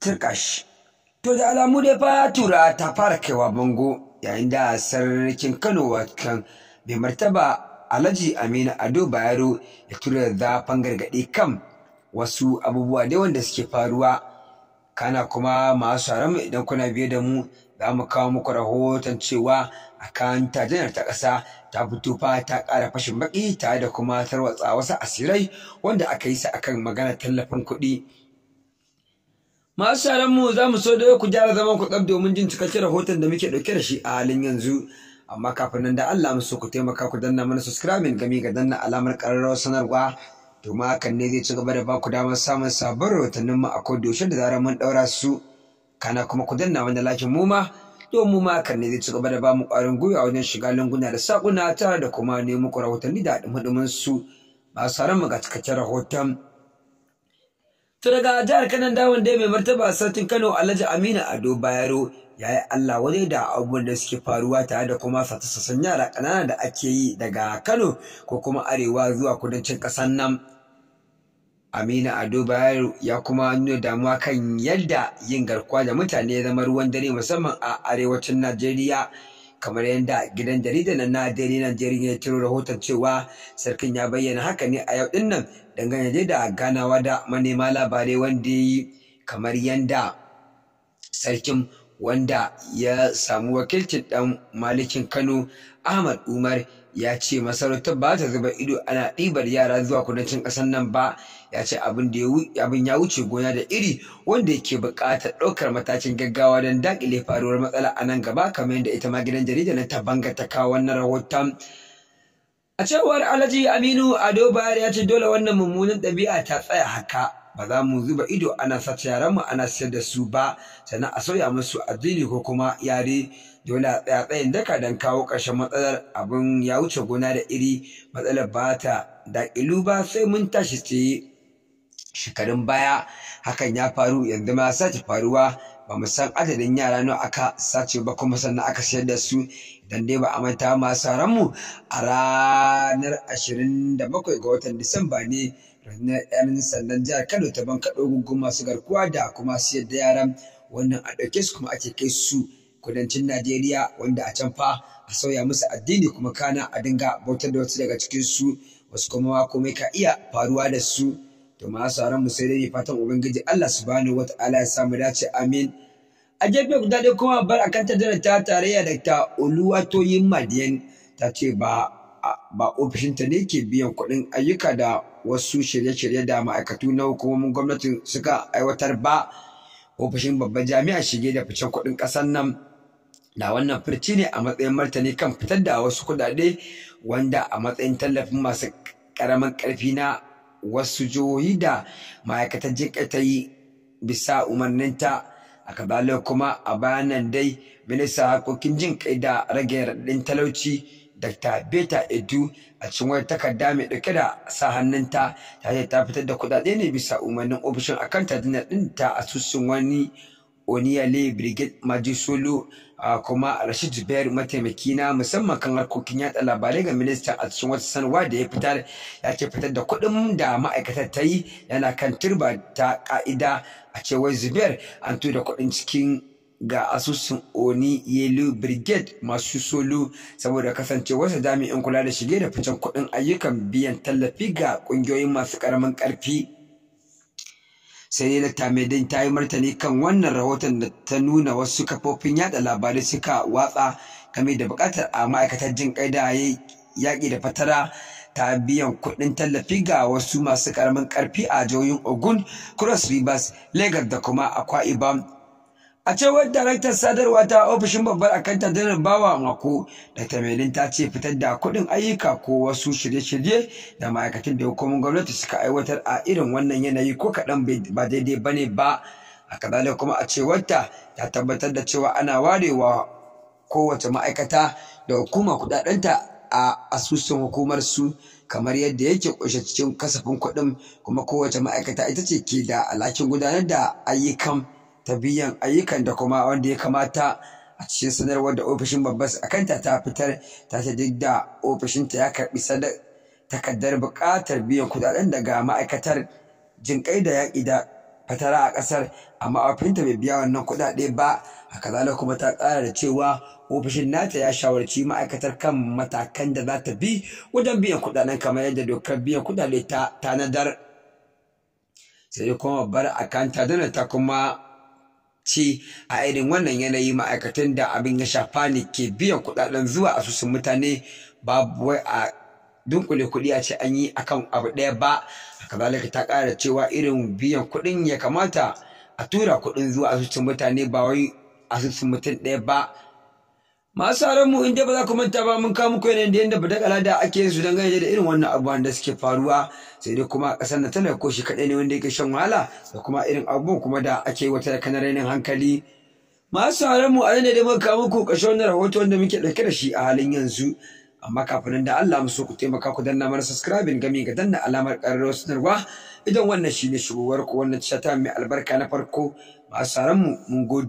turkash to da alamu dai fa tura ta fara kaiwa bango yayin da sarkin kano wakan bai martaba alhaji aminu ado bayero ya tura da zafin gargaɗi kan wasu abubuwa dai wanda suke faruwa kana kuma masu haramu idan kuna biye da mu za mu kawo muku rahoton cewa kan tajanar ta ƙasa ta fito fa ta ƙara fashin baƙi tare da kuma tarwatsa wasu asirai wanda aka yi sa akan maganar tallafin kuɗi masu sharan mu za mu so da ku gyara zaman ku domin jin cikakken rahoton da muke ɗauke da shi a halin yanzu amma kafin nan da Allah mu so ku taimaka ku danna mana subscribing gami ga danna alamar ƙararrawar sanarwa domin hakan ne zai ci gaba da ba ku damar samun sabon rahotannin mu a kodayaushe da zarar mun ɗaura su kana kuma ku danna mana lakin mu ma domin mu ma hakan ne zai ci gaba da ba mu ƙwarin gwiwa wajen shiga lunguna da sakuna tare da kuma nemo ku rahotanni da haɗin su masu mu ga cikakken rahoton. To daga jihar Kano dawon dai mai martaba sautin Kano Alhaji Aminu Ado Bayero ya yi Allah waje da abubuwan da suke faruwa tare da kuma sata sassan yara ƙanana da ake yi daga Kano ko kuma arewa zuwa kudancin ƙasar nan. Aminu Ado Bayero ya kuma nuna damuwa kan yadda yin garkuwa da mutane ya zama ruwan dare musamman a arewacin Najeriya kamar yadda gidan jaridar nan na Daily Nigerian ya ciro rahoton cewa sarkin ya bayyana haka ne a yau din nan dangane da ganawa da manema labarai wanda yi kamar yadda sarkin wanda ya samu wakilcin dan malikin Kano Ahmad Umar ya ce masarautar ba ta zuba ido ana ɗibar yara zuwa kudancin ƙasar nan ba ya ce abin ya wuce gona da iri wanda yake buƙatar ɗaukar matakin gaggawa don daƙile faruwar matsala a nan gaba kamar yadda ita ma gidan jarida na tabanga ta kawo wannan rahoton a cewar alhaji aminu ado bayar ya ce dole wannan mummunan ɗabi'a ta tsaya haka ba za mu zuba ido ana sace yaran mu ana siyar da su ba sannan a sauya musu addini ko kuma yare dole a tsaya tsayin daka don kawo ƙarshen matsalar abin ya wuce gona da iri matsalar ba ta daƙilu ba sai mun tashi tsaye shekarun baya hakan ya faru yanzu ma sace faruwa ba mu san adadin yara nawa aka sace ba kuma sannan aka sayar da su idan dai ba a manta masu mu a ranar 27 ga watan Disamba ne Ranar 'yan sandan jihar kano ta kaɗo gungun masu garkuwa da kuma siyar da yaran wannan a ɗauke su kuma ake kai su kudancin najeriya wanda a can fa a sauya musu addini kuma kana a dinga bautar da wasu daga cikin su wasu kuma komai ka iya faruwa da su to ma sauran mu sai dai fatan ubangiji allah subhanahu wataala ya samu dace amin a gefe guda dai kuma bar akan tattara ta tarayya da ta oluwatoyin madiyan ta ce ba ba ofishinta ne ke biyan kuɗin ayyuka da wasu shirye-shirye da ma'aikatu na hukumomin gwamnati suka aiwatar ba ofishin babban jami'a shige da fice kuɗin ƙasar nan na wannan firci ne a matsayin martani kan fitar da wasu kuɗaɗe wanda a matsayin tallafin masu ƙaramin ƙarfi na wasu jihohi da ma'aikatan jinƙai ta yi bisa umarninta a kabalar kuma a bayanan dai minista harkokin jin kai da rage raɗaɗin talauci Dr. Beta Edu a cikin wata takarda mai dauke da sa hannunta ta ce ta fitar da kuɗaɗe ne bisa umarnin ofishin akan ta dinar ta asusun wani Oniyale Brigade Majisolo kuma Rashid Zubair mataimaki na musamman kan harkokin yada labarai ga ministan a cikin wata sanarwa da ya fitar ya ce fitar da kuɗin da ma'aikatar ta yi yana kan turba ta ka'ida a cewar Zubair an tura kuɗin cikin ga asusun oni yelu brigade masu solo saboda kasancewarsa jami'in kula da shige da fice kuɗin ayyukan biyan tallafi ga ƙungiyoyin masu karamin karfi sai dai dakta maidin ta yi martani kan wannan rahoton da ta nuna wasu kafofin yada labarai suka watsa game da buƙatar a ma'aikatar jin da yaƙi da fatara ta biyan kuɗin tallafi ga wasu masu ƙaramin karfi a jihohin ogun cross rivers lagos da kuma akwa ibom a cewar daraktar sadarwa ta ofishin babbar akanta dalar bawa mako da tamilin ta ce fitar da kuɗin ayyuka ko wasu shirye-shirye da ma'aikatan da hukumomin gwamnati suka aiwatar a irin wannan yanayi ko kaɗan ba daidai ba ne ba a kazalika kuma a cewarta ta tabbatar da cewa ana warewa kowace ma'aikata da hukuma kuɗaɗenta a asusun hukumar su kamar yadda yake ƙunshe cikin kasafin kuɗin kuma kowace ma'aikata ita ce ke da alhakin gudanar da ayyukan ta biyan ayyukan da kuma wanda ya kamata a cikin sanarwar da ofishin a akanta ta fitar ta ce duk da ofishinta ya karɓi takardar buƙatar biyan kuɗaɗen daga ma'aikatar jinƙai da yaƙi da fatara a ƙasar amma ofinta bai biya wannan kuɗaɗe ba a kazalika kuma ta ƙara da cewa ofishin nata ya shawarci ma'aikatar kan matakan da za ta bi wajen biyan kuɗaɗen kamar yadda dokar biyan kuɗaɗe ta tanadar sai kuma babbar akanta dana ta kuma ce a irin wannan yanayi ma'aikatan da abin ya shafa ne ke biyan kudaden zuwa asusun mutane babu wai a dunkule kuɗi a ce an yi akan abu ɗaya ba kazalika ta ƙara cewa irin biyan kuɗin ya kamata a tura kuɗin zuwa asusun mutane ba wai asusun mutum ɗaya ba masu mu in dai ba za ku manta ba mun kawo muku yanayin da yadda badakala da ake yin su don gane da irin wannan abubuwan da suke faruwa sai dai kuma ƙasar na tana ko shi kaɗai ne wanda yake shan wahala da kuma irin abubuwan kuma da ake wata kana rainin hankali masu mu a yanayi da muka kawo muku kashe wannan rahoto wanda muke ɗauke da shi a halin yanzu amma kafin da Allah mu musu ku taimaka ku danna mana subscribing gami ga danna alamar ƙararrawar sanarwa idan wannan shi ne shigowar ku wannan ta mai albarka na farko masu mu mun gode